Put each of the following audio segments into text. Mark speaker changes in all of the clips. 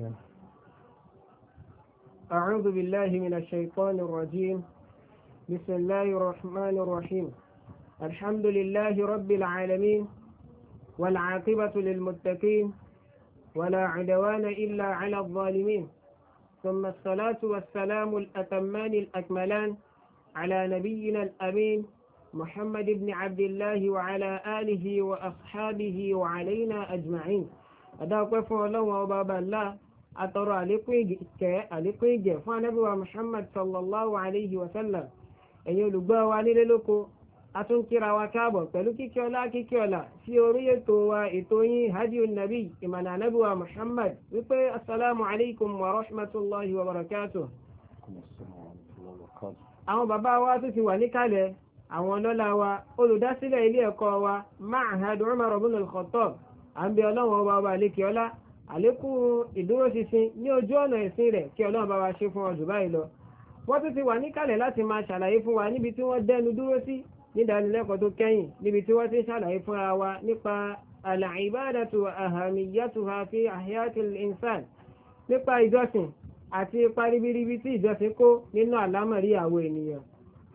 Speaker 1: نعم.
Speaker 2: أعوذ بالله من الشيطان الرجيم بسم الله الرحمن الرحيم الحمد لله رب العالمين والعاقبة للمتقين ولا عدوان إلا على الظالمين ثم الصلاة والسلام الأتمان الأكملان على نبينا الأمين محمد بن عبد الله وعلى آله وأصحابه وعلينا أجمعين أداك وفو الله وبابا الله atọrọ àlékún ìkẹ́ àlékún ìjẹ́ fún anábíwá muhammad sallallahu alayhi wa sallam ẹ̀yin olùgbọ́ wa nílé lóko a tún kíra wa káàbọ̀ pẹ̀lú kíkí ọlá kíkí ọlá sí orí ètò wa ètò yín hadiyu nabi ìmọ̀nà anábíwá muhammad wípé asalaamu alaykum wa rahmatulahi wa barakatuh. àwọn bàbá wa tún ti wà níkàlẹ̀ àwọn ọlọ́lá wa olùdásílẹ̀ ilé ẹ̀kọ́ wa ma'had umar ibn al-khattab à ń bẹ ọlọ́run ọba ọba àlékè ọlá àlékún ìdúróṣinṣin ní ojú ọ̀nà ẹ̀sìn rẹ̀ kí ọlọ́run bá wa ṣe fún ọdún báyìí lọ wọ́n tún ti wà níkàlẹ̀ láti máa ṣàlàyé fún wa níbi tí wọ́n dẹnu dúró sí nídánilẹ́kọ̀ọ́ tó kẹ́yìn níbi tí wọ́n ti ń ṣàlàyé fúnra wa nípa al-ibadatu wa ahamiyatuha fi ahyatil insan nípa ìjọsìn àti ipa ribiribi tí ìjọsìn kó nínú àlámọ̀rí àwọn ènìyàn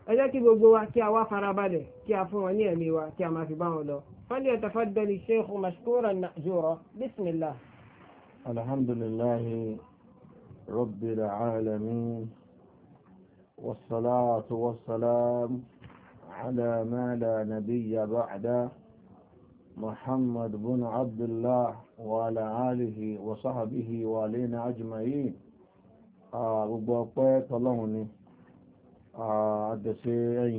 Speaker 2: ẹ jẹ́ kí gbogbo wa kí a wá farabalẹ̀ kí a fún wọn ní ẹ̀mí wa kí a máa fi bá wọn lọ. falyatafaddal ash-shaykhu mashkuran ma'juran bismillah.
Speaker 1: الحمد لله رب العالمين والصلاة والسلام على ما لا نبي بعد محمد بن عبد الله وعلى آله وصحبه وعلينا أجمعين gbogbo ọpẹ́ tọ́lọ́run ni àdẹ̀sẹ̀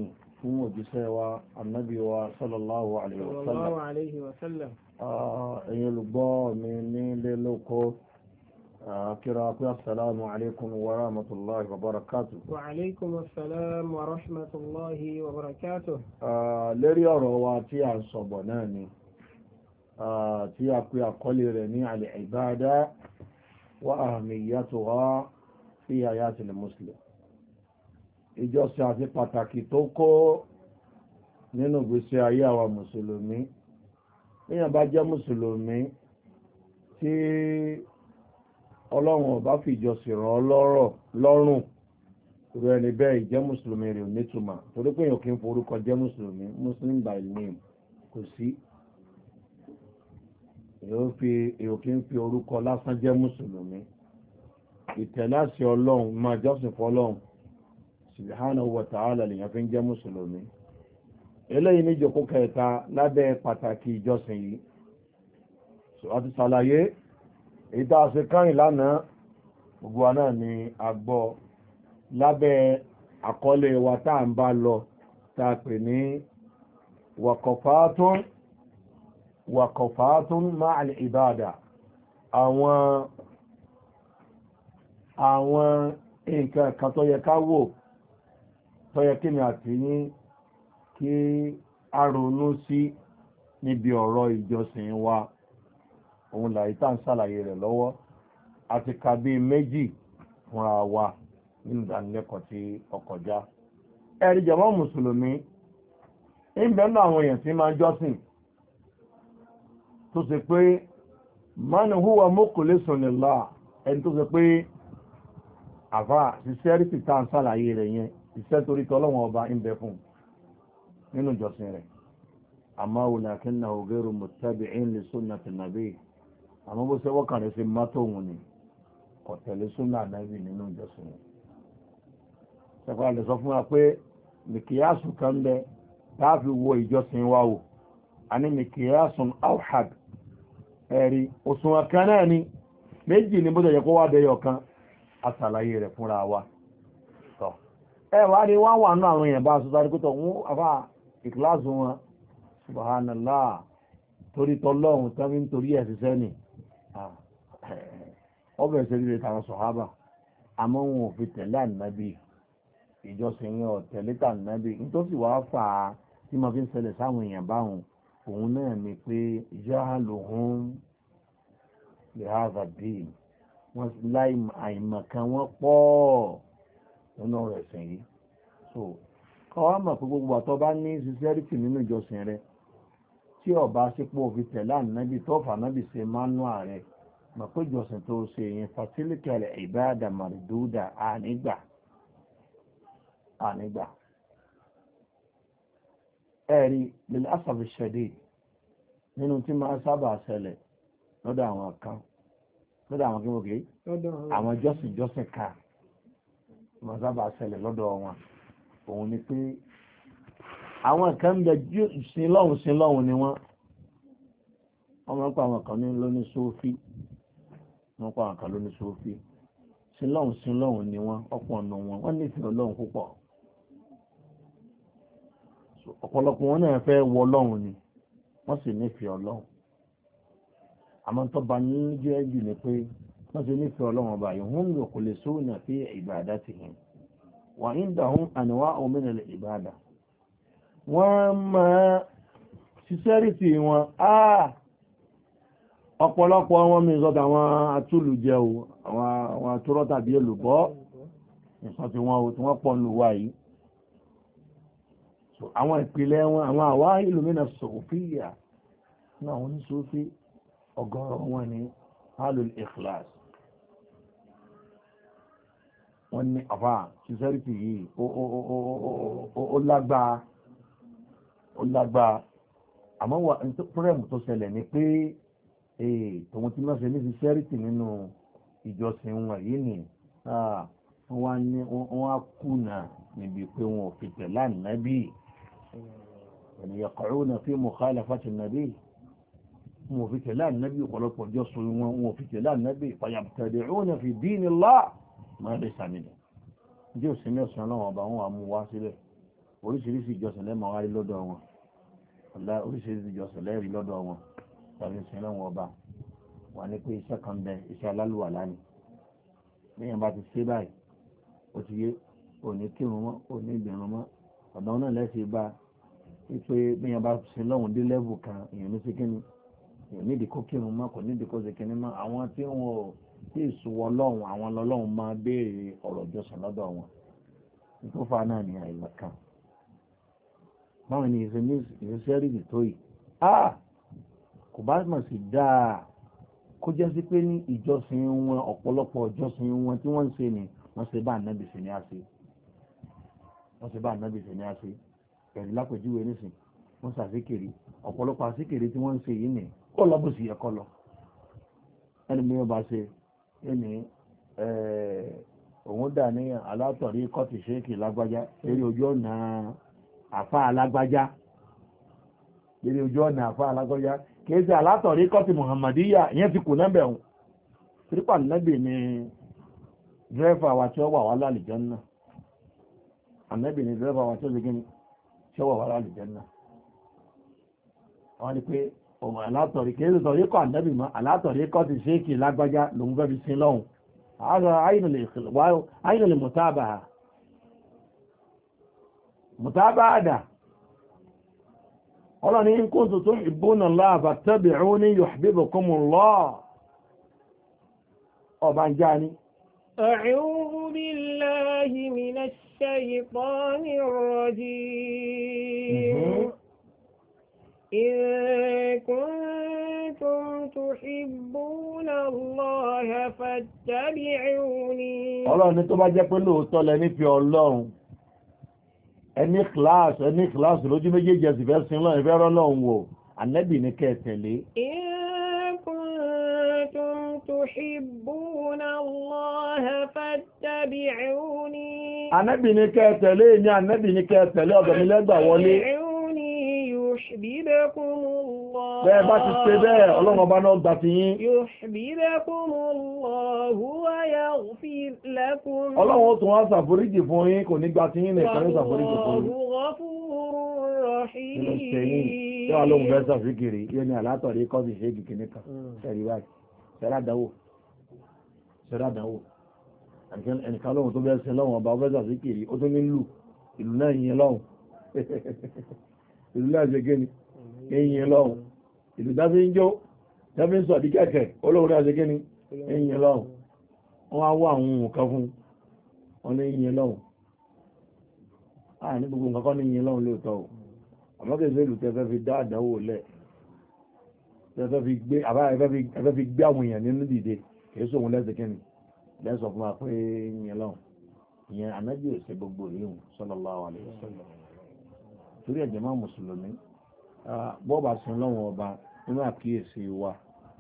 Speaker 1: النبي صلى الله عليه وسلم ẹ̀yin olùgbọ́ mi nílé lóko kíra pé assalamu alaikum wa rahmatullahi wa barakatuh.
Speaker 2: wa alaikum assalam wa rahmatullahi wa barakatuh.
Speaker 1: lérí ọ̀rọ̀ wa tí a sọ̀bọ̀ náà ni tí a pè àkọlé rẹ̀ ní al-ibada wa ahmiyatuha fi hayatil muslim ìjọsìn àti pàtàkì tó kó nínú ìgbésí ayé àwa mùsùlùmí níyàn bá jẹ́ mùsùlùmí tí ọlọ́run ọba fìjọsìn ràn lọ́rùn irú ẹni bẹ́ẹ̀ jẹ́ mùsùlùmí rẹ̀ nítumọ̀ torí pé èèyàn kì í forúkọ jẹ́ mùsùlùmí muslim by name kò sí èèyàn kì í fi orúkọ lásán jẹ́ mùsùlùmí ìtẹ̀láṣẹ ọlọ́run máa jọ́sìn fọlọ́run subhanahu wa ta'ala lèèyàn fi ń jẹ́ mùsùlùmí eléyìí ní ìjòkó kẹta lábẹ́ pàtàkì ìjọsìn yìí so a ti ṣàlàyé ìta àṣẹ kárìn lánàá gbogbo wa náà ni a gbọ́ lábẹ́ àkọlé wa tá à ń bá lọ tá a pè ní wàkọ̀fàátún wàkọ̀fàátún máa àwọn àwọn nǹkan kan tó yẹ ká wò tó yẹ kí ni àti kí a ronú sí níbi ọ̀rọ̀ ìjọsìn wa òun làyí tá ń ṣàlàyé rẹ̀ lọ́wọ́ àti ka bí méjì fúnra wa nínú ìdánilẹ́kọ̀ọ́ tí ọkọjá ẹ̀rí jẹ̀mọ́ mùsùlùmí ìbẹ̀nú àwọn èèyàn tí máa jọ́sìn tó ṣe pé man huwa mukhlisun lillah ẹni tó ṣe pé àfà ṣiṣẹ́ rí sí tá ń ṣàlàyé rẹ̀ yẹn iṣẹ́ torí tọ́lọ́wọ́n ọba ń bẹ fún un nínú ìjọsìn rẹ̀ àmọ́ walakinnahu ghayru muttabi'in li sunnati nabi àmọ́ bó ṣe wọ́kàn sí mọ́tò òun ni kò tẹ̀lé súnà nàbì nínú ìjọsìn rẹ̀ ṣẹ̀kọ́ àlẹ́ sọ fún wa pé kan bẹ táàfi wo ìjọsìn wa wò a mìkìyàsùn alhag ẹ̀rí òṣùwọ̀n kan náà ni méjì ni bó yẹ kó wá dẹyọ kan rẹ̀ fúnra wa ẹ wá ní wá wà nú àwọn èèyàn bá sáré kótó wọn ìkìláàsù wọn subhanallá torí tọlọ́run tẹ́mí torí ẹ̀ ṣiṣẹ́ nì ah, eh, ọbẹ̀ ṣe rí tàwọn sọ̀hábà àmọ́ wọn ò fi tẹ̀lé ànábì ìjọsìn yẹn ò tẹ̀lé tànábì nítòsí wàá fà á tí mo fi ń ṣẹlẹ̀ sáwọn èèyàn báwọn òun náà ni pé jahaluhum lihadha din wọ́n láì àìmọ̀kan wọ́n pọ̀ nínú rẹ̀ sìn yìí so káwá mọ̀ pé gbogbo àtọ́ ní ní sincerity nínú ìjọsìn rẹ tí ọba sípò fi tẹ̀lé ànábì tó fànábì ṣe manual rẹ mọ̀ ìjọsìn tó ṣe yẹn facilital ibada mariduda ànígbà ànígbà ẹ̀rí lílẹ̀ àṣàfihàn nínú tí máa sábà ṣẹlẹ̀ lọ́dọ̀ àwọn kan lọ́dọ̀ àwọn kí wọ́n kì àwọn jọ́sìn jọ́sìn kan máa sábà ṣẹlẹ̀ lọ́dọ̀ wọn. òun ni pé àwọn kan ń bẹ jí ìsinlọ́hun sinlọ́hun ni wọ́n wọ́n máa ń pa àwọn kan ní lóní sófí wọ́n pa àwọn kan lóní sófí sinlọ́hun sinlọ́hun ni wọ́n ọ̀pọ̀ ọ̀nà wọn wọ́n nífẹ̀ẹ́ ọlọ́hun púpọ̀ ọ̀pọ̀lọpọ̀ wọn náà fẹ́ wọ ọlọ́hun ni wọ́n sì nífẹ̀ẹ́ ọlọ́hun àmọ́ tó bá ní jẹ́ jù ni pé wọ́n sì nífẹ̀ẹ́ ọlọ́hun ọba yìí wọ́n lò kò lè sóònà sí ìgbà àdá tìhìn wà ní ìdáhùn àníwá òmìnà ìbádà wọ́n máa sincerity wọn áà ah! ọ̀pọ̀lọpọ̀ wọn mi sọ́tà àwọn atúlùjẹ o àwọn atúrọ́ tàbí olùbọ́ nǹkan tí wọ́n tí wọ́n pọ̀ ń lò wá yìí àwọn ìpìlẹ̀ wọn àwọn àwa ìlúmínà sòfíyà náà wọ́n ní sófí ọgọ́rọ̀ wọn ni halul ikhlas wọ́n ní àfà sincerity yìí ó lágbàá ó lágbàá àmọ́ wà ní pọ́rẹ́mù tó ṣẹlẹ̀ ni pé tòun ti máa ṣe ní sincerity nínú ìjọsìn wọn yìí ni wọ́n ní wọ́n á kùnà níbi pé wọn ò fi tẹ̀lé ànábì ènìyàn kọ̀ọ̀rọ̀ náà fi mukhalafati ànábì wọn ò fi tẹ̀lé ànábì ọ̀pọ̀lọpọ̀ ìjọsìn wọn wọn ò fi tẹ̀lé ànábì fayabtadi'una fi dinillah máa lè sàmìnà bí òsìn ní ọ̀sán ọlọ́wọ̀n ọba wọn wà mú wá sílẹ̀ oríṣiríṣi ìjọsìn lẹ́mọ̀ wá rí lọ́dọ̀ wọn oríṣiríṣi ìjọsìn lẹ́rí lọ́dọ̀ wọn tàbí òsìn ọlọ́wọ̀n ọba wà ní pé iṣẹ́ kan bẹ iṣẹ́ alálùwà lánìí lẹ́yìn bá ti ṣe báyìí ó ti yé òní kírun mọ́ òní ìgbìrún mọ́ ọ̀dọ́ náà lẹ́sìn bá wípé bẹ́yàn bá ṣe lọ́hùn dé lẹ́bù kan èèyàn ní sí kíni èèyàn nídìí kó kírun mọ́ kò nídìí kó ṣe kíni mọ́ àwọn tí wọn ò tí èso ọlọ́run àwọn ọlọ́run máa béèrè ọ̀rọ̀ ìjọsìn lọ́dọ̀ wọn ìtòfà náà ní àìmọ̀ kan báwọn ni ìṣẹ́ṣẹ́ rí nìtó yìí ah kò bá mọ̀ sí dáa kó jẹ́ sí pé ní ìjọsìn wọn ọ̀pọ̀lọpọ̀ ìjọsìn wọn tí wọ́n ń ṣe ni wọ́n ṣe bá ànábì sí ní àṣẹ wọ́n ṣe bá ànábì sí ní àṣẹ pẹ̀lú lápẹ̀júwe nísìn wọ́n ṣàṣíkiri ọ̀pọ̀lọpọ̀ àṣíkiri tí wọ́n ń ṣe yìí ni kọ́ lọ bó sì yẹ kọ́ lọ ẹni mi ò bá ṣe ẹni òun dà ní alátọ̀rí kọ́tì ṣéèkì lágbájá lórí ojú ọ̀nà àfa alágbájá lórí ojú ọ̀nà àfa alágbájá kìí ṣe alátọ̀rí kọ́tì muhammadiya ìyẹn ti kù nẹ́bì ni dírẹ́fà wa tí ó wà wá náà ni òun alátọ̀rí kí èso sọ̀rí kọ́ ànábì mọ́ alátọ̀rí kọ́ ti ṣéèkì lágbájá lòun fẹ́ fi sin lọ́hùn àárọ̀ àyìnlè mùtábà mùtábà àdà ọlọ́ni in kuntum tuhibbuna Allaha fattabi'uni yuhbibkumu Allah ọba ń ní
Speaker 2: أعوذ بالله من الشيطان الرجيم إن كنتم تحبون الله فاتبعوني ọlọ́run
Speaker 1: ní tó bá jẹ́ pé lóòótọ́ ẹni kìláàsì ẹni kìláàsì lójú méjèèjì ẹ̀sìn fẹ́ sin lọ́run
Speaker 2: كنتم تحبون الله
Speaker 3: فاتبعوني.
Speaker 2: yuhbibkumullah. bẹ́ẹ̀ bá ti ṣe bẹ́ẹ̀ ọlọ́run ọba
Speaker 3: náà gbà ti yín.
Speaker 2: yuhbibkumullah wa yaghfir lakum. ọlọ́run ó
Speaker 3: tún wá ṣàforíjì fún yín kò ní gbà
Speaker 1: ti yín nìkan ní ṣàforíjì fún yín.
Speaker 2: ghafurur rahim.
Speaker 1: nínú sẹ́yìn yóò wá lóhun fẹ́ sàfikiri yóò ní àlátọ̀rí kọ́sì ṣe kìkì nìkan sẹ́rí hmm. báyìí sẹ́rá dánwò sẹ́rá dánwò ẹnìkan lóhun tó fẹ́ sẹ́ lọ́hun ọba ó fẹ́ sàfikiri ó tún ní lù ìlú náà yẹn lọ́hun ìlú láti gẹ́ni ẹ̀yìn ọlọ́run ìlú dáfí ń jó dáfí ń sọ àdí kẹ́kẹ́ olóhun láti gẹ́ni ẹ̀yìn ọlọ́run wọ́n á wá àwọn nǹkan fún ọ̀nà ẹ̀yìn ọlọ́run a ní gbogbo nǹkan kọ́ ní ẹ̀yìn ọlọ́run lóòótọ́ o àmọ́ kì í ṣe ìlú tẹ́fẹ́ fi dá àdánwò lẹ̀ tẹ́fẹ́ fi gbé àbá ẹ̀fẹ́ fi gbé àwọn èèyàn nínú dìde kì í sóhun lẹ́sẹ̀ kẹ́ni lẹ́sọ̀ fún wa pé ẹ̀yìn ọlọ́run ìyẹn anábì òsè gbogbo ìlú sallallahu alaihi wasallam torí ẹ̀jẹ̀ máa mùsùlùmí bọ́ọ̀bà sin lọ́wọ́ ọba nínú àkíyèsí wa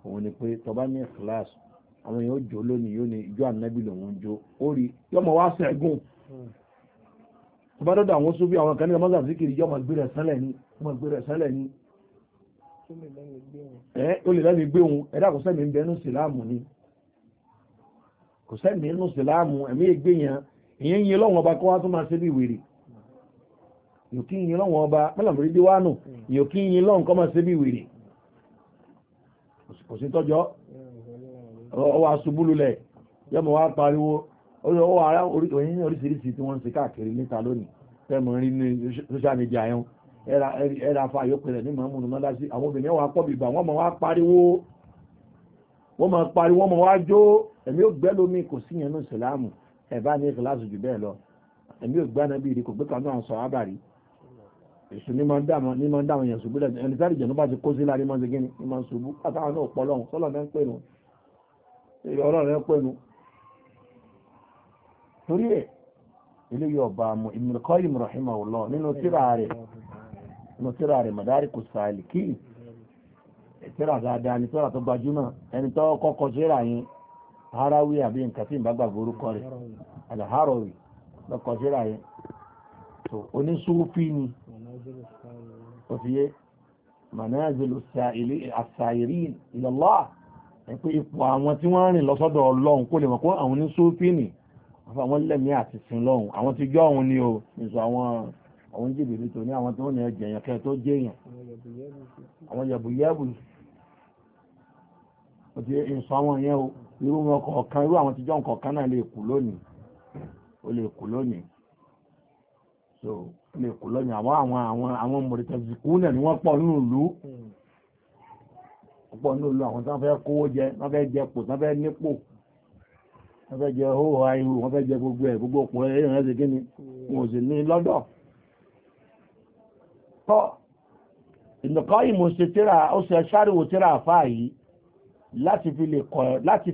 Speaker 1: òun ni pé tọba ní class àwọn èèyàn jó lónìí yóò ní ijó ànábì lòun jó ó rí yọmọ wá sẹ́gun tọba dọ́dọ̀ àwọn sóbí àwọn kan ní ọmọ zazikiri yọmọ gbé rẹ̀ sẹ́lẹ̀ ní ọmọ gbé rẹ̀ sẹ́lẹ̀ ní. ẹ ó lè lẹ́nu gbé òun ẹ̀dá kò sẹ́mi ń bẹ nínú ni kò sẹ́mi nínú síláàmù ẹ̀mí ègbé yẹn ìyẹn ń yẹ ọba kó wá tó máa ṣe bí wèrè yóò kí yin lọ́wọ́ ọba mẹ́làmùrí dé wánù yóò kí yin lọ́wọ́ nǹkan máa ṣe bí wèrè kò sí tọ́jọ́ ọwọ́ aṣubú lulẹ̀ yọmọ wa pariwo ọwọ́ ara oyin oríṣiríṣi tí wọ́n ń ṣe káàkiri níta lónìí tẹ́mọ̀ rí ní social media yẹn ẹ̀rà fa àyókù rẹ̀ ní mọ̀múnú mọ́lá sí àwọn obìnrin wa pọ̀ bìbà wọ́n máa wá pariwo wọ́n máa pariwo wọ́n máa wá jó ẹ̀mí ò gbẹ́ lómi kò sí yẹn ní ìsìlámù ẹ̀bá ní ìkìláàsì jù bẹ́ẹ̀ lọ ẹ̀mí ò gbẹ́ náà bí ìdí kò gbé kanú àwọn sọ̀rọ̀ àbàrí èṣù ní máa ń dáàmà ní máa ń dáàmà yẹn ṣubú lẹ́nu ẹni tẹ́lì jẹ̀nú bá ti kó sí láàrin máa ń segin ní máa ń ṣubú àtàwọn náà pọ̀ lọ́hùn sọ́lọ́ rẹ̀ ń pè nù ọ̀rọ̀ rẹ̀ ń pè nù. torí ẹ̀ ilé yóò bá mu Ibn Qayyim rahimahullah nínú tírà rẹ̀ nínú tírà rẹ̀ Madariku Salikin tírà dáadáa ní tírà tó gbajúmọ̀ ẹni tó kọ́kọ́ tírà yẹn Harawi àbí nǹkan tí ìbágbàgbọ́ oníṣúfí ni òfìyé manazilu as-sa'irin ila Allah ẹ̀pẹ́ ipò àwọn tí wọ́n rìn lọ́sọ́dọ̀ ọlọ́run kó lè mọ̀ kó àwọn ní sófínì àwọn lẹ́mí àti sin lọ́run àwọn ti jọ́ òun ni o nìsọ àwọn àwọn jìbìrì tó ní àwọn tó ní ẹ̀jẹ̀ yẹn kẹ́ tó jẹ́yàn àwọn yẹ̀bùyẹ̀bù òtí ìsọ àwọn yẹn o irú wọn kọ̀ọ̀kan irú àwọn tíjọ́ kọ̀ọ̀kan náà lè kú lónìí ó lè kú lónìí so ní èkó lọ́yìn àwọn àwọn àwọn àwọn mọ̀rìtẹ̀sì kúnlẹ̀ ni wọ́n pọ̀ ní ìlú pọ̀ ní ìlú àwọn tán fẹ́ kówó jẹ wọ́n fẹ́ jẹ pò tán fẹ́ nípò wọ́n fẹ́ gbogbo ẹ̀ gbogbo ni sì ní lọ́dọ̀ tọ́ ìnùkọ́ ìmọ̀ ṣe tíra ó ṣe tíra yìí láti fi lè kọ́ láti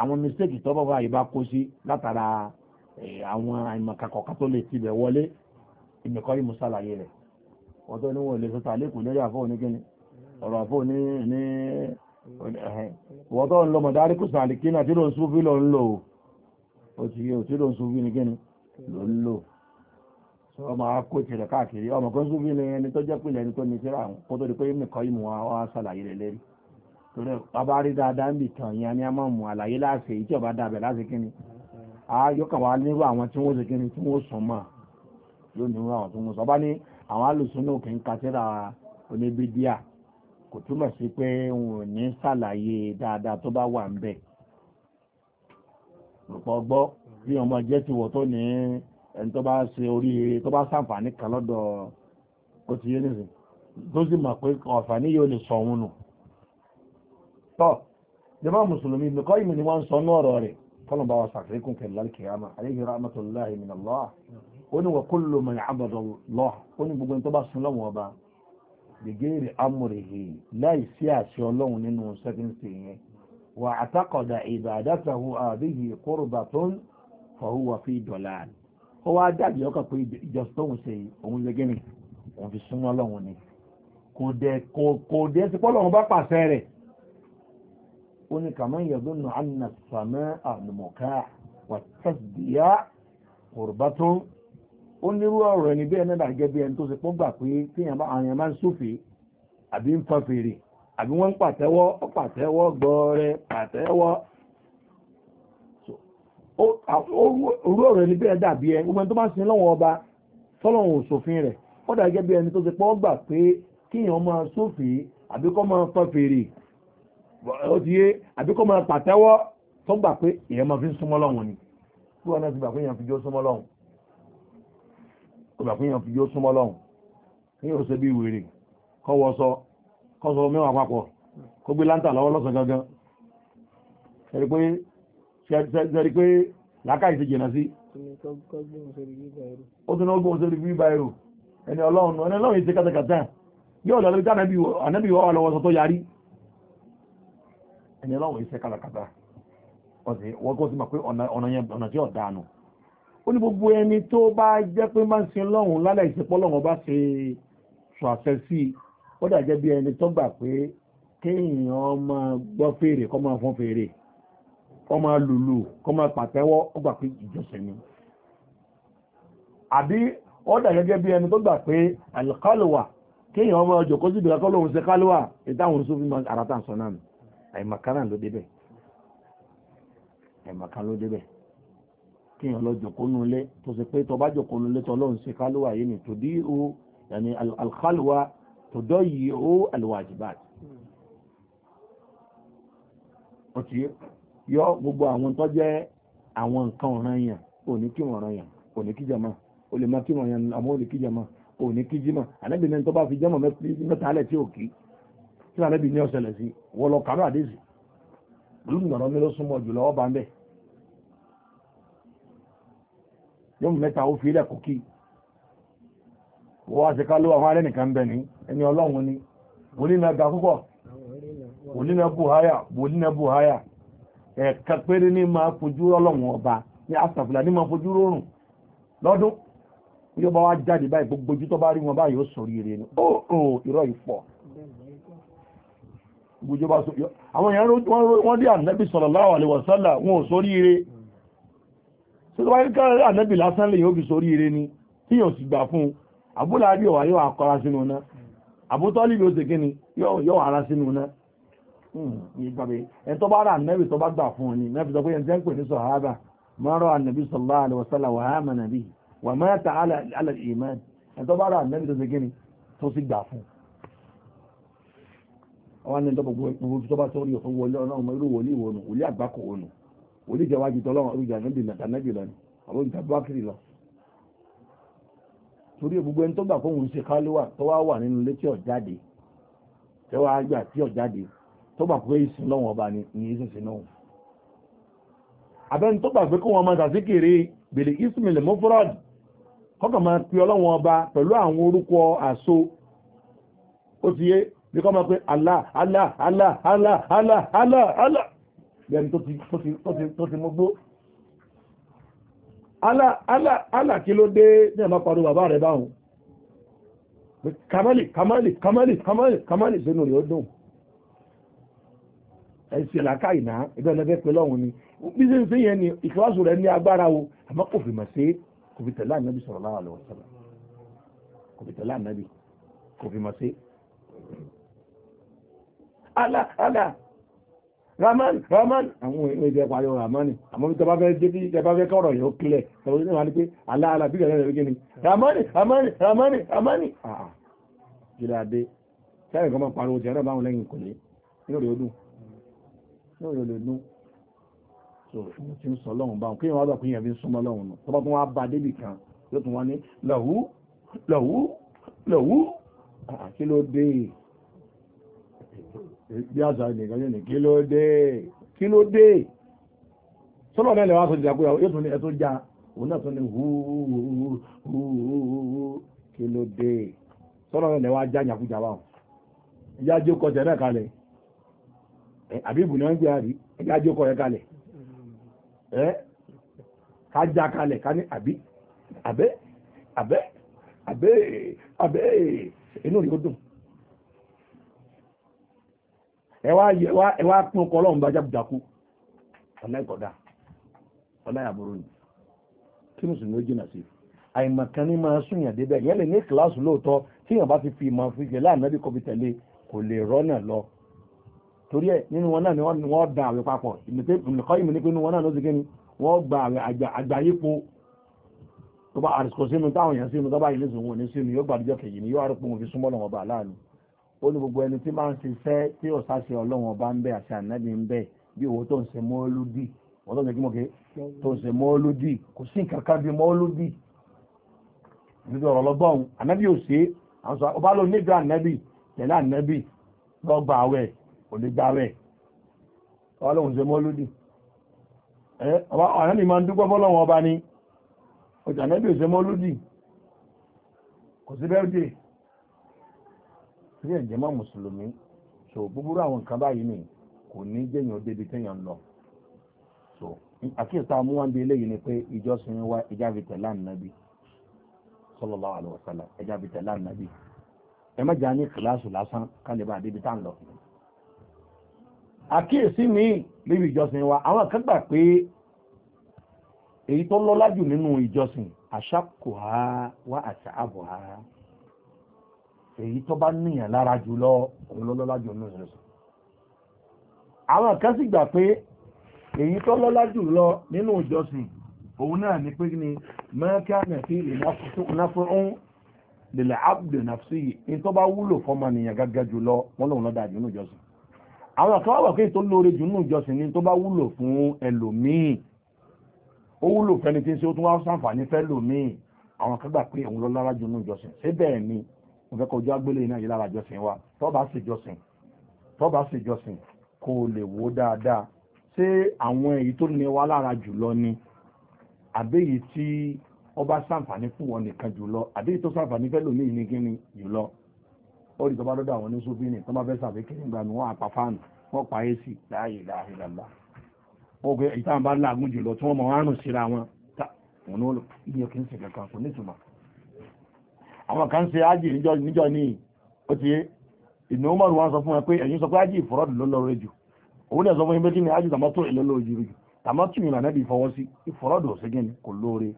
Speaker 1: àwọn mistake tó bàbá yìí bá kó sí látara eh, àwọn àìmọ̀kàkọ̀kà tó lè tibẹ̀ wọlé ìmẹ̀kọ́ yìí mo ṣàlàyé rẹ̀ wọ́n tó níwọ̀n lè sọ́tà lẹ́kùn lórí àfọ́ oníkíni ọ̀rọ̀ àfọ́ ní eh, wọ́n tó ń lọ mọ̀dárí kù sàn àlìkí náà tí ló ń súnfí lọ ń lò ó ti yẹ tí ló ń súnfí ní kíni ló ń lò ọmọ akó tirẹ̀ káàkiri ọmọ kan súnfí ni ẹni tó jẹ́ pìlẹ̀ ẹni tó ní síra kó tó di pé ìmẹ̀kọ́ yìí mo wá ṣàlàyé rẹ̀ lérí torí ọba rí dáadáa ń bì tàn yẹn ni a máa mú àlàyé láàṣẹ èyí tí ọba dàbẹ̀ láti kíni ayọ́kàn wa nírú àwọn tí wọ́n ṣe kíni tí wọ́n sàn mọ́ yóò nírú àwọn tí wọ́n sọ ọba ní àwọn alùsùn náà kì í kásẹ́ra oníbídíà kò túmọ̀ sí pé wọn ò ní ṣàlàyé dáadáa tó bá wà ń bẹ̀ gbọ́ bí ọmọ jẹ́ ti wọ̀ tó ní ẹni tó bá ṣe oríire tó bá ṣàǹfààní kan lọ́dọ̀ ó ti yé nìyẹn tó sì mọ̀ pé ọ̀fàní yóò lè sọ òun nù tọ́ jàmá mùsùlùmí Ibn Qayyim ni wọ́n sọ ní ọ̀rọ̀ rẹ̀ kọ́nà bá wa sàkíríkùn kẹlẹ́lì kìyàmà alayhi rahmatullahi min Allah ó ní wa kullu man abada Allah ó ní gbogbo tó bá sun lọ́wọ́ ọba gbègéèrè amúrèhè láì sí àṣẹ ọlọ́run nínú sẹ́kíńsì yẹn wà àtàkọ̀dà ibadatahu àbíyì qurbatun fahuwa fi dalal ó wá dàbí ọkọ̀ pé ìjọsìn ṣe òun yẹ gẹ́nì òun fi súnmọ́ ọlọ́run ni kò dẹ̀ sí pọ́lọ́run bá pàṣẹ rẹ̀ قل كمن يظن أن السماء المكاع والتصديع قربة ó diya ọ̀rọ̀ ẹni bẹ́ẹ̀ náà gẹ́gẹ́ bí ẹni tó ṣe pọ́ gbà pé tíyàn bá àwọn ẹ̀má ń súfèé àbí ń fọn fèrè àbí wọ́n ń pàtẹ́wọ́ ó pàtẹ́wọ́ gbọ́ọ̀rẹ́ pàtẹ́wọ́ orú ọ̀rọ̀ ẹni bẹ́ẹ̀ dàbí ẹ sin lọ́wọ́ ọba máa máa ó ti yé àbí kó máa pàtẹ́wọ́ tó gbà pé èèyàn máa fi ń súnmọ́ lọ́hùn ni tí wọn náà ti gbà pé èèyàn fi jó súnmọ́ lọ́hùn gbà pé èèyàn fi jó súnmọ́ lọ́hùn ní òṣè bí wèrè kọ́ wọ sọ kọ́ sọ mẹ́wàá papọ̀ kó gbé láńtà lọ́wọ́ lọ́sàn gangan ṣẹ́rí pé làákàyè ti jìnà sí ó tún náà gbóhùn sórí bíbá ẹrù ẹni ọlọ́run ẹni ọlọ́run ti kátàkátà yóò lọ lórí tánàbí wọ́n lọ́wọ́ sọ tó yarí ẹni ọlọ́run iṣẹ́ kàràkàtà ọ̀sẹ̀ wọ́n kó sí mọ̀ pé ọ̀nà tí ọ̀dà nù ó ní gbogbo ẹni tó bá jẹ́ pé máa ń sin lọ́run lálẹ́ ìṣepọ́ lọ́run bá ṣe ṣọ̀ṣẹ́ sí i ó dàjẹ́ bí ẹni tó gbà pé kéèyàn máa gbọ́ fèrè kó máa fọ́n fèrè kó máa lùlù kó máa pàtẹ́wọ́ ó gbà pé ìjọsìn ni àbí ó dàgẹ́gẹ́ bí ẹni tó gbà pé àlùkálùwà kéèyàn máa jòkó síbi kakọ́ lóhun ṣe kálùwà ìtàwọn sófin àràtà sọ náà àìmọ̀kan náà ló débẹ̀ àìmọ̀kan ló débẹ̀ kíyàn lọ jòkónú ilé tó sì pé tọba jòkónú ilé tọ́lọ́run sí kálùwà yìí ni tó dí o yàní alkhalwa tó dọ́ yìí o alwajibat ó ti yọ gbogbo àwọn tó jẹ́ àwọn nǹkan ọ̀ràn yàn òní kí ọ̀ràn yàn òní kí jama o lè má kí ọ̀ràn yàn àmọ́ òní kí jama òní kí jima ànábìnrin tó bá fi jama mẹ́ta alẹ́ tí tí a lẹ́bi ní ọ̀sẹ̀lẹ̀ sí wọ́n lọ kàánú àdéhùn pẹ̀lú ìgbọ̀nà mi súnmọ́ jùlọ ọba ń bẹ̀ yóò mẹ́ta ó fi ilẹ̀ kókì wọ́n wá sí ká ló àwọn arẹ́nìkan ń bẹ̀ ní ẹni ọlọ́run ni wòlínà ga púpọ̀ buhaya buhaya ẹ̀ka péré ní máa fojú ọlọ́run ọba ní asàfìlà ní máa gbogbo bá so àwọn èèyàn wọ́n rí ànẹ́bì sallallahu alaihi wasallam wọn ò sórí ire tí ó bá rí káàrí ànẹ́bì lásán lè yóò fi sórí ire ni tí yóò sì gbà fún abúlá rí ọ̀wà yóò akọra sínú náà àbútọ́lì yóò ṣe kíni yóò ara sínú náà hmm, ẹ̀tọ́ bá rà ànẹ́bì tó bá gbà fún ni nẹ́bì sọ pé ẹni tẹ́ ń pè ní sọ̀hábà mọ́rọ̀ ànẹ́bì sallallahu alaihi wasallam wà á mọ̀ nàbì wà mẹ́ta alẹ́ ìmán ẹ̀tọ́ bá rà ànẹ́bì tó ṣe kíni tó àwọn ẹni tọ́pọ̀ gbogbo tó bá tó rí òfin wọlé ọ̀nà ọmọ irú wòlíì wọnù wòlíì àgbákò wọnù wòlíì jẹwájú tọ́lọ́wọ́n orí jàǹdì nàtànẹ́bì lọ ni àwọn ìjàbákìrì lọ torí gbogbo ẹni tó gbà fóun ṣe káléwà tó wá wà nínú ilé tí ọ̀ jáde tẹ́wàá àgbà tí ọ̀ jáde bí kọ́ máa pé Allah Allah Allah Allah Allah Allah Allah bẹ̀rẹ̀ tó ti mú gbó Allah Allah Allah kí ló dé ní ẹ̀má pariwo bàbá rẹ̀ kamali kamali kamali kamali kamali sínú rẹ̀ ó dùn ẹ̀sìn làkà ìná ẹgbẹ́ ẹlẹ́gbẹ́ pẹ̀lú ọ̀hún ni bí sí sí yẹn ni ìkíwásù rẹ̀ ní agbára o àmọ́ kò fi mọ̀ sí kò fi tẹ̀lé alákàlà ramán ramán àwọn ìgbẹ́ parí ramani àmọ́ bí tọba fẹ́ dé bí tọba fẹ́ kọ́rọ̀ yóò kílẹ̀ tọba ní wà ní pé aláàlá bí ìrẹ̀lẹ̀ rẹ̀ gíní ramani
Speaker 3: ramani ramani
Speaker 1: ramani àà jìlẹ̀ ah, ah. àdé sẹ́yìn kan máa pariwo jẹ́rẹ̀ báwọn lẹ́yìn kò ní yóò rí odún yóò rí odún so fún ti ń sọ lọ́hùn báwọn kí wọ́n lọ pín yẹn fi ń súnmọ́ lọ́hùn nù tọba tó wá ba débì kan yóò tún wá ní lọ́hù lọ́hù lọ́hù kí ló dé bí àṣà ìdìkan yóò ní kí ló dé kí ló dé sọ́lọ́ mẹ́lẹ̀ wá sọ ìjà pé yóò tún ní ẹ̀tọ́ já òun náà tún ní húúúú kí ló dé sọ́lọ́ mẹ́lẹ̀ wá já ìyàkújà wà ìyá jókọ tẹ̀ náà kalẹ̀ àbíbù náà ń gbé àrí ìyá jókọ rẹ̀ kalẹ̀ ẹ́ ká já kalẹ̀ ká ní àbí àbẹ́ àbẹ́ àbẹ́ àbẹ́ inú rí ó dùn ẹwà pín ọkọ̀ ọlọ́run bá jábùjákú ọlẹ́kọ̀dá ọlẹ́yàbúrú ni kí mùsùlùmí ó jìnà sí àìmọ̀kan ní máa súnyàn débẹ̀ yẹn lè ní kíláàsì lóòótọ́ tí èèyàn bá fi fi ìmọ̀ fi jẹ láàmì ẹbí kọbi tẹ̀lé kò lè rọ́nà lọ torí ẹ nínú wọn náà ni wọ́n da àwẹ̀ papọ̀ ìmìkọ́ ìmì ní pé inú wọn náà ló ti kéni wọ́n gba àwẹ̀ àgbáyépo tó bá àrìsíkò sínú táwọn èèyàn sínú tó bá ilé sùn wọn ní sínú yóò gbàdújọ kẹyìn ni yóò arúgbó wọn fi súnmọ́ lọ́wọ́ bá láàánú ó ní gbogbo ẹni tí máa ń ṣiṣẹ́ tí ò sáṣe ọlọ́run ọba ń bẹ àti ànábì ń bẹ bí owó tó ń ṣe mọ́ọ́lúdì owó tó ń ṣe kí mo ké tó ń ṣe mọ́ọ́lúdì kò sí nǹkan kan bí mọ́ọ́lúdì nítorí ọ̀rọ̀ lọ́gbọ́n ànábì ò ṣe àwọn sọ ọba ló níbi ànábì tẹ̀lé ànábì lọ́gbà awẹ̀ òdìgbà awẹ̀ ọba ṣe mọ́ọ́lúdì ànábì máa tí ẹ̀ jẹ́ mọ́ mùsùlùmí so búburú àwọn nǹkan báyìí ni kò ní jẹ́yàn débi téèyàn lọ so àkíyèsí àwọn wọn bí eléyìí ni pé ìjọsìn wa ìjáfi tẹ̀lá nàbí sallallahu alaihi wasallam ìjáfi tẹ̀lá nàbí ẹ má jà ní kìláàsì lásán kálíbà débi tá ń lọ. àkíyèsí mi níbi ìjọsìn wa àwọn kan gbà pé èyí tó lọ́lá jù nínú ìjọsìn àṣàkùhá wá àṣà àbùhá èyí tó bá níyàn lára jùlọ olólọ́lá jù nínú ìrìnsùn àwọn kan sì gbà pé èyí tó lọ́lá jùlọ nínú ìjọsìn òun náà ni pé ní mẹ́kánà sí ìnáfún lèlẹ̀ abdul nafsi in tó bá wúlò fọ́mọnìyàn gágá jùlọ wọ́n lòun lọ́dà jù nínú ìjọsìn àwọn kan wà pé tó lóore jù nínú ìjọsìn ni tó bá wúlò fún ẹlòmíì ó wúlò fẹ́ni tí ń ṣe ó tún wá ṣàǹfààní fẹ́lòmíì àwọn kan gbà pé òun lọ́lá jù nínú ìjọsìn síbẹ̀ ni mo fẹ́ kọjú agbélé iná yìí lára ìjọsìn wa tó bá sì jọsìn tó bá sì jọsìn kó o lè wò dáadáa ṣé àwọn èyí tó ní wa lára jùlọ ni àbẹ́yì tí ọba ṣàǹfààní fún wọn nìkan jùlọ àbẹ́yì tó ṣàǹfààní fẹ́ lómi ní kíni jùlọ ó rí tó bá àwọn oníṣòfínì tó fẹ́ sàfẹ́ kí nígbà ni wọ́n àpá fáànù wọ́n pa é sí láàyè láàyè lọ́la ó gbé ìtàn bá láàgùn jùlọ tí wọ́n mọ̀ wọ́n á síra wọn ta òun ló yẹ kí n sì kankan kò nítumọ̀ àwọn kan ṣe ájì níjọ́ ní ó ti yé ìnà Umaru wọn sọ fún wọn pé ẹ̀yin sọ pé ájì ìfọ́rọ́dù ló lọ rẹjù òun dẹ̀ sọ fún yín pé kí ni ájì tàmọ́tò ìlú lọ jù rẹjù tàmọ́tò ìrìn àná bí fọwọ́ sí ìfọ́rọ́dù ni kò lóore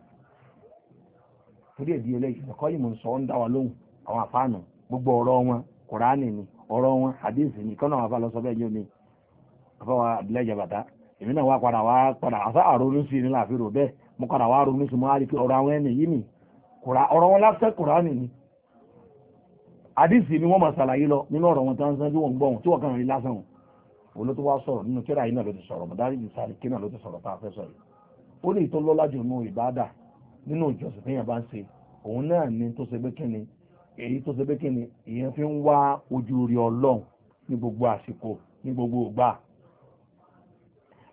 Speaker 1: torí èdè eléyìí ẹ̀kọ́ yìí mò ń sọ ń dá wa lóhùn àwọn àfáànù gbogbo ọ̀rọ̀ wọn kùránì ni ọ̀rọ̀ wọn àdéhùn ni kọ́nà àwọn lọ sọ bẹ́ẹ̀ yóò ní afáwa àbílẹ̀ ìjàbàtà èmi náà wá padà wá padà àṣà àrò oníṣìí ní láàfin rò bẹ́ẹ̀ mo padà wá ronú sí mo á rí pé ọ̀rọ̀ àwọn ẹni yìí kùrà ọ̀rọ̀ wọn lásẹ̀ kùrà nìyí àdìsí ni wọ́n máa ṣàlàyé lọ nínú ọ̀rọ̀ wọn tán sánjú wọn gbọ́n tí wọ́n kàn rí lásán wọn olú tó wá sọ̀rọ̀ nínú kíra yìí náà ló ti sọ̀rọ̀ mọ̀dárí yìí sáré kí náà ló ti sọ̀rọ̀ tá a fẹ́ sọ̀rọ̀ ó lè tó lọ́lá jù nínú ìbáàdà nínú ìjọsìn téèyàn bá ń ṣe òun náà ni tó ṣe pé kíni èyí tó ṣe pé kíni èèyàn fi ń wá ojú rí ọlọ́run ní gbogbo àsìkò ní gbogbo ìgbà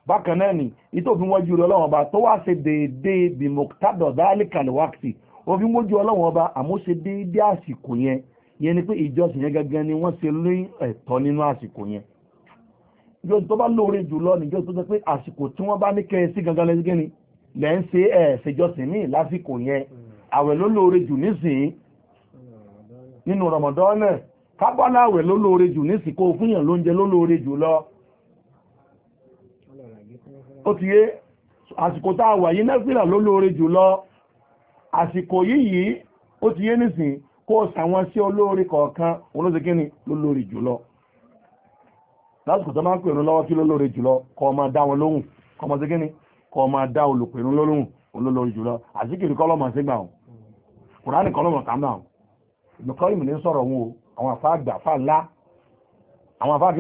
Speaker 1: bákan náà ni ìtòfin wájú rí ọlọ́run ọba tó wá ṣe déédéé bí mọ̀tádọ̀ dálíkàlì wákìtì wọ́n fi mójú ọlọ́wọ́n ọba àmúṣe déédéé àsìkò yẹn yẹn ni pé ìjọsìn yẹn gangan ni wọ́n ṣe lóyún ẹ̀tọ́ nínú àsìkò yẹn ìjọ tó bá lóore jùlọ níjọ tó sọ pé àsìkò tí wọ́n bá ní kẹ́ sí gangan lẹ́sìn kẹ́ni lẹ́ ń ṣe ẹ̀ ṣèjọsìn ní lásìkò yẹn àwẹ̀ ló lóore jù nísìn nínú rọmọdọ́nà kábọ́lá àwẹ̀ ló lóore jù nísìn kó fúnyàn lóúnjẹ ló lóore jù lọ ó ti yé àsìkò tá a wà yìí náà àsìkò yìí ó ti yé nísìn kó o sàwọn sí olóore kọ̀ọ̀kan olóṣè kíni lólórí jùlọ lásìkò tó máa ń pèrún lọ́wọ́ kí lólórí jùlọ kọ́ ọ máa dá wọn lóhùn kọ́ ọmọ sí kíni kọ́ ọ máa dá olùpèrún lóhùn olólórí jùlọ àsìkìrì kọ́ lọ́mọ sígbà wọn kùránì kọ́ lọ́mọ kàmà wọn ìbùkọ́ ìmìnì sọ̀rọ̀ wọn o àwọn àfáà àgbà àfáà ńlá àwọn àfáà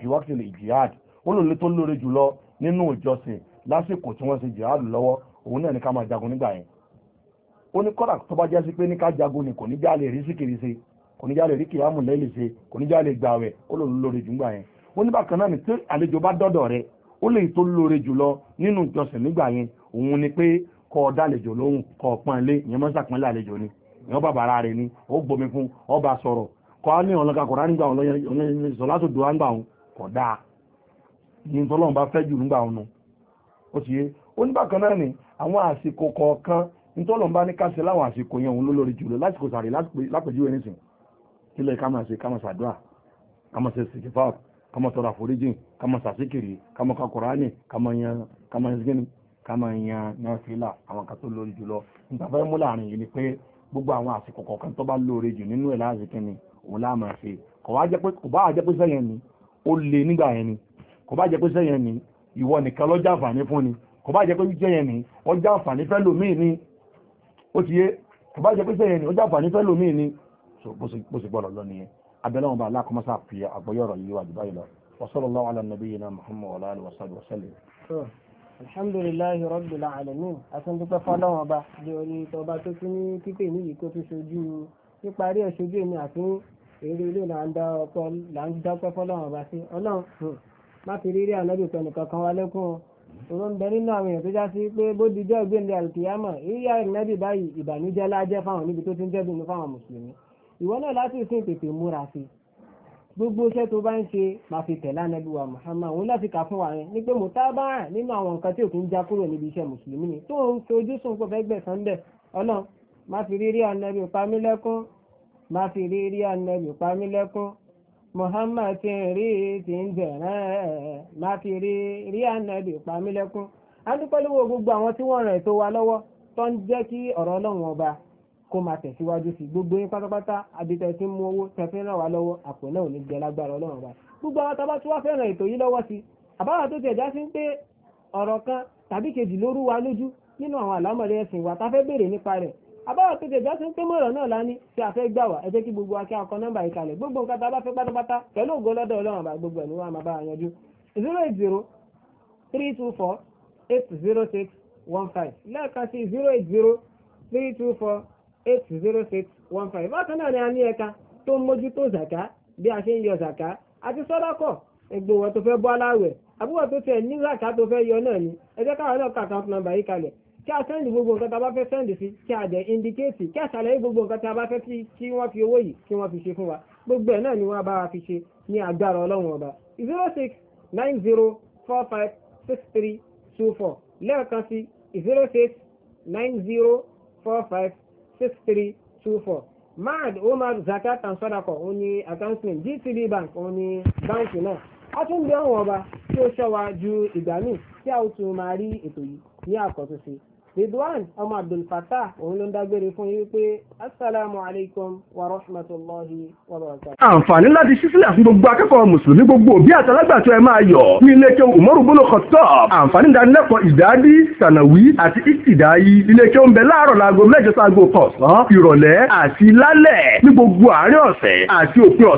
Speaker 1: fi wákìtì lè jihad ó lò lè tó lóore nínú ìjọsìn lásìkò tí wọ́n ṣe jihad lọ́wọ́ òun náà ní ká máa jagun nígbà yẹn ó ní kọ́dà tó bá jẹ́ sí pé ní ká jagun ni kò ní já lè rí síkiri ṣe kò ní já lè rí kìlámù lẹ́lì ṣe kò ní já lè gbà wẹ̀ ó lò lórí jù nígbà yẹn ó ní bákan náà ní tí àlejò bá dọ́dọ̀ rẹ ó lè tó lóore jùlọ nínú ìjọsìn nígbà yẹn òun ni pé kọ́ ọ dálejò lóhùn kọ́ ọ pọ́n ilé ìyẹn mọ́sà pọ́n ilé àlejò ni ìyẹn bàbá ara rẹ ni ó gbomi fún ọba sọ̀rọ̀ kọ́ á ní ọ̀lọ́ka kọ̀ọ̀rá nígbà ọ̀lọ́yẹ sọ̀lá tó dùn á ń gbà kọ̀ dáa yìí tọ́lọ́run bá fẹ́ jù nígbà ọ̀nà ó ti yé ó náà ni àwọn àsìkò kọ̀ọ̀kan nítọ́lọ́run bá ní ká láwọn àsìkò yẹn òun lólórí jùlọ lásìkò sàrè lápèjúwe nísìn kílẹ̀ ká máa ṣe ká máa ṣàdúrà ká máa ṣe ká máa tọrọ àforíjìn ká máa ṣàṣíkiri ká máa ka Kùránì ká máa yan ká máa yan yan fìlà àwọn kan tó lórí jùlọ nígbà fẹ́ mú láàrin yìí ni pé gbogbo àwọn àsìkò kọ̀ọ̀kan tó bá lóore jù nínú ẹ̀ òun kò bá jẹ́ pé sẹ́yẹn ni ìwọ nìkan ló jàǹfààní fún ni kò bá jẹ́ pé jẹ́yẹn ni ó jàǹfààní fẹ́ lòmíì ni ó ti yé kò bá jẹ́ pé sẹ́yẹn ni ó jàǹfààní fẹ́ lòmíì ni bó sì gbọ́dọ̀ lọ nìyẹn abẹ́lẹ́wọ̀n bá aláàkọ́mọ́sá fi àgbọ́yọ̀rọ̀ yìí wà jùbáyìí lọ وصلى الله على نبينا محمد وعلى اله وصحبه وسلم
Speaker 2: alhamdulilayi rabbil alamin asandukpe fọlọ́wọ́n ọba di orí tọba tó tún ní pípé níyì kó tún ṣojú níparí ẹ̀ ṣojú èmi àti eré ilé là ń dá ọpọ là ń dápẹ́ fọlọ́wọ́n ọba sí ọlọ́run má fi rírí ànábì pẹ̀lú kankan wa lẹ́kùn òun ń bẹ nínú àwọn èèyàn tó já sí pé bó dijọ́ ìgbéǹde àlùkìyámà rírí ànábì báyìí ìbànújẹ́ lájẹ́ fáwọn níbi tó ti ń jẹ́ bínú fáwọn mùsùlùmí ìwọ náà láti sìn tètè múra sí gbogbo iṣẹ́ tó bá ń ṣe máa fi tẹ̀lé ànábì wa Muhammad òun láti kà fún wa yẹn ní pé mùtábà nínú àwọn nǹkan tí òkun já kúrò níbi iṣẹ́ mùsùlùmí ni tó ń sojú sùn fẹ́ gbẹ̀sán bẹ̀ ọlọ́run má fi rírí ànábì pamílẹ́kún má fi rírí ànábì pamílẹ́kún Muhammad ti rí ti ń jẹ̀rán ẹ̀ fi rí rí ànábì pamílẹ́kún. a gbogbo àwọn tí wọ́n wa lọ́wọ́ tó ń jẹ́ kí ọ̀rọ̀ ọlọ́run ọba kó gbogbo yín pátápátá àbítẹ̀ tí ń mú owó tẹ̀sí ràn wá lọ́wọ́ àpò gbogbo àwọn tábà tí wọ́n fẹ́ ètò yìí lọ́wọ́ sí tó kan tàbí kejì wa lójú nínú àwọn àlámọ̀lẹ́ ẹ̀sìn àbáwọ̀ tó tẹ̀já sí pé mọ̀rọ̀ náà lání tí a fẹ́ gbà wá ẹ jẹ́ kí gbogbo akẹ́ akọ nọ́mbà yìí kalẹ̀ gbogbo nǹkan tá a bá fẹ́ pátápátá pẹ̀lú ògo lọ́dọ̀ ọlọ́run àbá gbogbo ẹ̀ ní wọ́n á máa bá a yanjú zero eight zero three two four eight zero six one five lẹ́ẹ̀kan sí zero eight zero three two four eight zero six one five bákan náà ni a ní ẹ̀ka tó ń mójútó zàká bí a ṣe ń yọ zàká àti sọ́dọ̀kọ̀ ẹgbòwọ̀ tó fẹ́ bọ́ aláwẹ̀ àbúrò tó tẹ̀ ní zàká tó fẹ́ yọ náà ni ẹ jẹ́ káwọn náà kà account number yìí kalẹ̀ kí a sẹ́ndì gbogbo nǹkan tá a bá fẹ́ sẹ́ndì sí kí a dẹ̀ indikéètì kí a ṣàlàyé gbogbo nǹkan tá a bá fẹ́ sí kí wọ́n fi owó yìí kí wọ́n fi ṣe fún wa gbogbo ẹ̀ náà ni wọ́n bá wa fi ṣe ní agbára ọlọ́run ọba zero six nine zero four five six three two four lẹ́ẹ̀kan sí zero six nine zero four five six three two four mahad umar zakat and sodako òun ni accounting gtb bank òun ni báńkì náà a tún bí ọ̀hún ọba tí ó ṣọ́ wa ju ìgbà míì tí a ó tún máa rí ètò yìí ní àkọ́tún sí i ridwan ọmọ abdulfatah òun ló ń dágbére fún yín pé asalaamu alaykum wa rahmatulahi wa barakatuh. àǹfààní
Speaker 3: láti ṣísílẹ̀ fún gbogbo akẹ́kọ̀ọ́ mùsùlùmí gbogbo òbí àtàlágbàtọ ẹ máa yọ̀ ní iléeṣẹ́ umaru bolo kọ́tọ́ àǹfààní ìdánilẹ́kọ̀ọ́ ìdádí sànàwí àti ìtìdáyí iléeṣẹ́ ń bẹ láàárọ̀ láago mẹ́jọ sáago kọ̀ọ̀sán ìrọ̀lẹ́ àti lálẹ́ ní gbogbo àárín ọ̀sẹ̀ àti òpin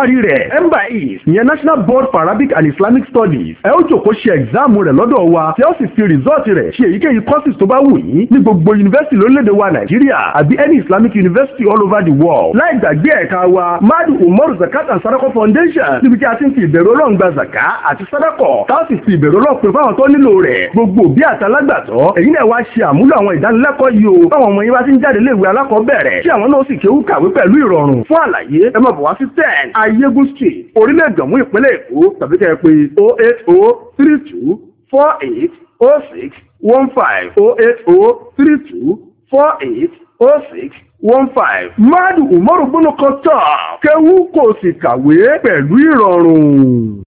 Speaker 3: ọ̀sẹ̀ NBS NBAIS ìyẹn National Board for Arabic and Islamic Studies ẹ ó jòkó ṣe ẹ̀gzáàmù rẹ̀ lọ́dọ̀ wa tí ó sì fi rìsọ́ọ̀tì rẹ̀ ṣe èyíkéyìí courses tó bá wù yín ní gbogbo yunifásitì lórílẹ̀‐èdè wa Nàìjíríà àbí any Islamic university all over the world láì gbàgbé ẹ̀ka wa Madu Umaru Zakat and Sadako Foundation níbi tí a ti ń fi ìbẹ̀rù Ọlọ́run gba zaka àti sadako tá a sì fi ìbẹ̀rù Ọlọ́run pè fáwọn tó nílò rẹ̀ gbogbo òbí àtàlágbàtọ́ èyí náà wá ṣe àmúlò àwọn ìdánilẹ́kọ̀ọ́ yìí o báwọn ọmọ yín bá ti ń jáde léèwé alákọ̀ọ́bẹ̀rẹ̀ tí àwọn náà sì kéwú kàwé pẹ̀lú ìrọ̀rùn fún àlàyé ẹ máa bọ̀ registry orílẹ̀ ìgbọ̀mú ìpínlẹ̀ èkó tàbí kẹ́ ẹ pé oh eight oh three two four eight oh six one five oh eight oh three two four eight oh six one five. máàdù umaru gbónú kan tán kẹ́wù kò sì kàwé pẹ̀lú ìrọ̀rùn.